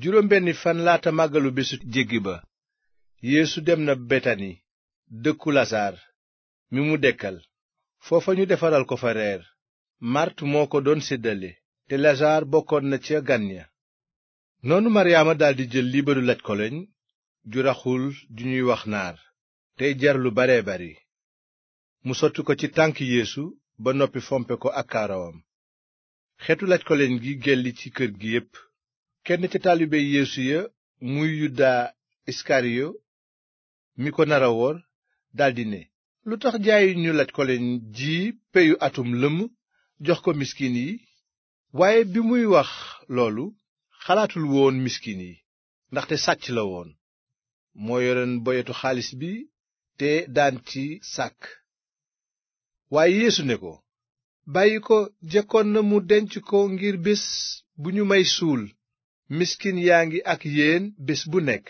juróom benni fan laata màggalu bésu jéggi ba yeesu dem na betani dëkku lasaar mi mu dekkal foofa ñu defaral ko fa reer màrt moo ko doon séddale te lasaar bokkoon na ca gan ya noonu maryaama daldi jël liibaru laj koloñ ju raxul ju ñuy wax naar tey jar lu bare bari mu sotti ko ci tànk yeesu ba noppi fompe ko ak kaarawam xetu laj gi gelli ci kër gi yépp kenn ca taalibe yeesu ya muy yuda iskariyo mi ko nara daldi ne lu tax jaay jaayuñu laj koleñ ji peyu atum lëmm jox ko miskin yi waaye bi muy wax loolu xalaatul woon miskin yi ndaxte sàcc la woon moo yoroon boyetu xaalis bi te daan ci sàkk waaye yeesu ne ko bàyyi ko jekkoon na mu denc ko ngir bés bu ñu may suul miskin yaa ngi ak yéen bés bu nekk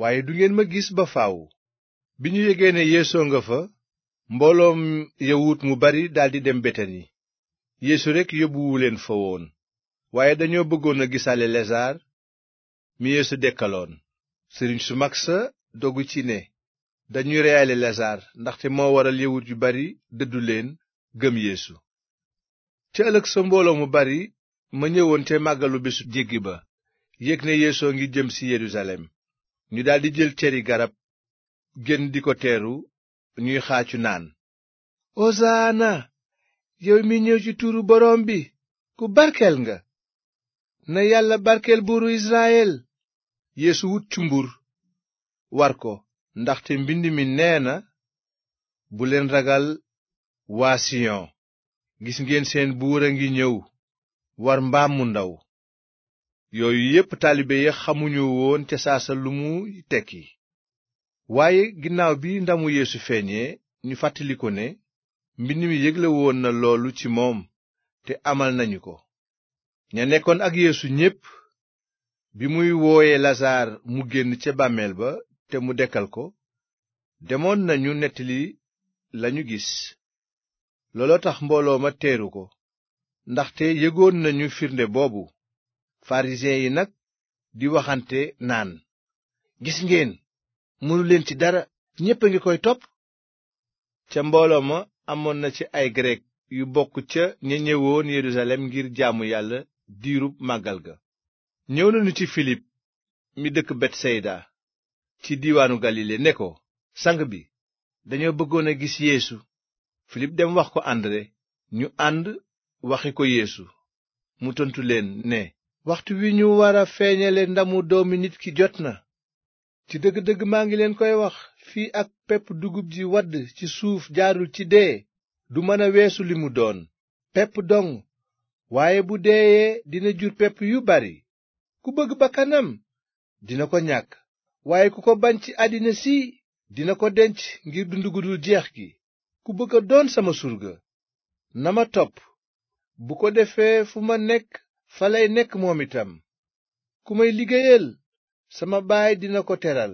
waaye du ngeen ma gis ba faaw bi ñu yégee ne yeesoo nga fa mbooloom yawut mu bari daldi dem betani yeesu rekk yóbbuwu leen fa woon waaye dañoo bëggoon a gisale lesaar mi yeesu dekkaloon sëriñ su mag sa dogu ci ne dañuy reyaale ndax ndaxte moo waral yawut yu bari dëddu leen gëm yéesu ma ñëwoon te màggalu bésu jéggi ba yëg ne yeesoo ngi jëm si yerusalem ñu daldi jël ceri garab génn di ko teeru ñuy xaacu naan osaana yow mi ñëw ci tuuru boroom bi ku barkeel nga na yàlla barkeel buuru israyel yeesu wut cumbur war ko ndaxte mbind mi nee na bu leen ragal waa siyon gis ngeen seen buur a ngi ñëw war mbaam mu ndaw yooyu yépp taalibe ya xamuñu woon ca saasa lu mu tekki waaye ginnaaw bi ndamu yéesu feeñee ñu fàttaliku ne mbind mi yëgle woon na loolu ci moom te amal nañu ko ña nekkoon ak yéesu ñépp bi muy wooye Lasaar mu génn ca bàmmeel ba te mu dekkal ko demoon nañu nettali lañu gis looloo tax mbooloo ma teeru ko ndaxte yëgoon nañu firnde boobu farisiyen yi nag di waxante naan gis ngeen mënu leen ci dara ñépp a ngi koy topp ca mbooloo ma amoon na ci ay grek yu bokk ca ña ñëwoon yerusalem ngir jaamu yàlla diirub màggal ga ñëw nañu ci filip mi dëkk betsayda ci diiwaanu galile ne ko sang bi dañoo bëggoon a gis yéesu filip dem wax ko andre ñu ànd waxi ko yéesu mu tontu leen ne waxtu wi ñu war a feeñale ndamu doomi nit ki jot na ci dëgg-dëgg maa ngi leen koy wax fii ak pepp dugub ji wadd ci suuf jaarul ci dee du mën a weesu li mu doon pepp dong waaye bu deeyee dina jur pepp yu bari ku bëgg bakkanam dina ko ñàkk waaye ku ko bañ ci àddina si dina ko denc ngir dund gu jeex gi ku bëgg a doon sama surga na ma topp bu ko defee fu ma nekk fa lay nekk moom itam ku may liggéeyal sama baay dina ko teral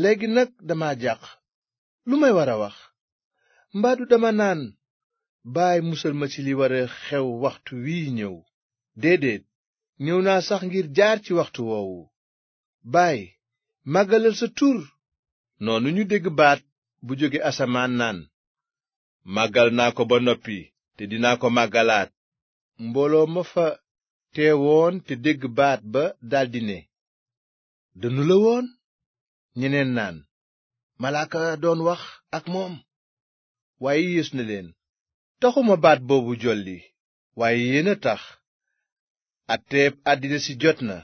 léegi nag dama jàq lu may war a wax mbaadu dama naan baay musal ma ci li war xew waxtu wii ñëw déedéet ñëw naa sax ngir jaar ci waxtu woowu baay màggalal sa tur noonu ñu dégg baat bu jóge asamaan naan màggal naa ko ba noppi te dinaa ko màggalaat mbooloo ma fa teewoon te dégg baat ba daldi ne dënnu la woon ñeneen naan malaaka doon wax ak moom waaye yeesu na leen taxuma baat boobu jolli waaye yéen a tax atteeb àddina si jot na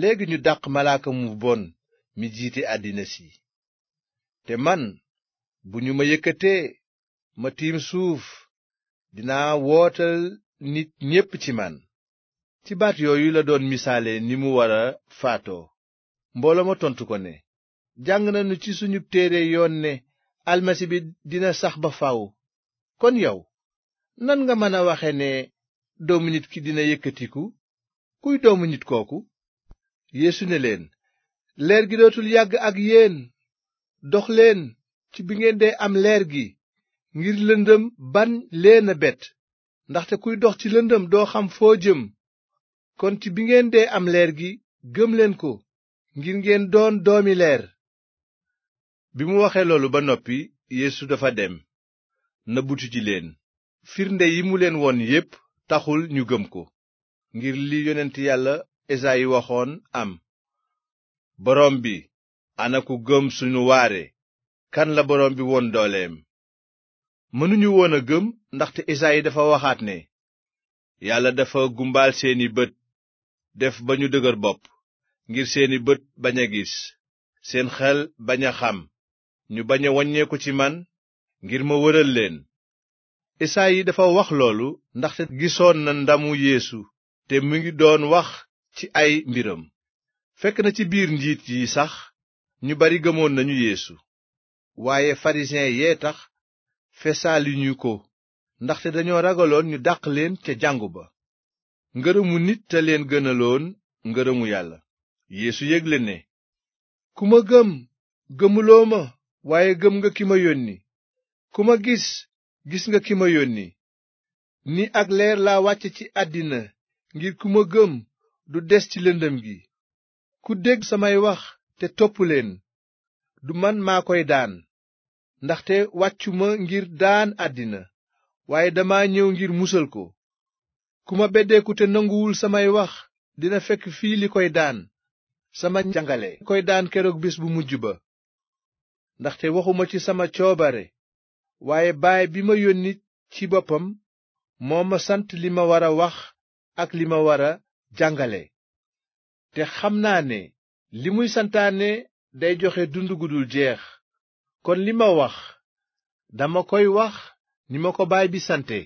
léegi ñu daq malaaka mu bon mi jiite àddina si te man bu ñu ma yëkkatee ma tiim suuf dina wootal nit ñépp ci man ci baat yooyu la doon misaale ni mu war a faatoo mbooloo ma tontu ko ne jàng nañu ci suñu téere yoon ne almasi bi dina sax ba faw kon yow nan nga mën a waxe ne doomu nit ki dina yëkkatiku kuy doomu nit kooku yeesu ne leen leer gi dootul yàgg ak yéen dox leen ci bi ngeen dee am leer gi ngir lëndëm ban leen bett ndaxte kuy dox ci lëndëm doo xam foo jëm kon ci bi ngeen dee am leer gi gëm leen ko ngir ngeen doon doomi leer bi mu waxee loolu ba noppi yéesu dafa dem na nëbbutu ci leen firnde yi mu leen woon yépp taxul ñu gëm ko ngir li yonent yàlla esayi waxoon am borom bi ana ku gëm sunu waare kan la borom bi woon dooleem mënuñu woon a gëm ndaxte Esayi dafa waxaat ne yàlla dafa gumbaal seeni bët def ba ñu dëgër bopp ngir seeni bët bañ a gis seen xel bañ a xam ñu bañ a waññeeku ci man ngir ma wëral leen Esayi dafa wax loolu ndaxte gisoon na ndamu yéesu te mu ngi doon wax ci ay mbiram fekk na ci biir njiit yi sax ñu bari gëmoon nañu Yeesu waaye pharisiens yee tax fesaaluñu ko ndaxte dañoo ragaloon ñu dàq leen ca jàngu ba ngërëmu nit te leen gënaloon ngërëmu yàlla yéesu yégle ne ku ma gëm gëmuloo ma waaye gëm nga ki ma yónni ku ma gis gis nga ki ma yónni ni ak leer laa wàcce ci àddina ngir ku ma gëm du des ci lëndëm gi ku dégg samay wax te topp leen du man maa koy daan ndaxte wàccuma ngir daan àddina waaye dama ñëw ngir musal ko ku ma beddeeku te nanguwul samay wax dina fekk fii li koy daan sama jàngale koy daan keroog bés bu mujj ba ndaxte waxuma ci sama coobare waaye baay bi ma yónni ci boppam moo ma sant li ma war a wax ak li ma war a jàngale te xam naa ne li muy santaane day joxe dund gu jeex kon li ma wax dama koy wax ni ma ko Baay bi sante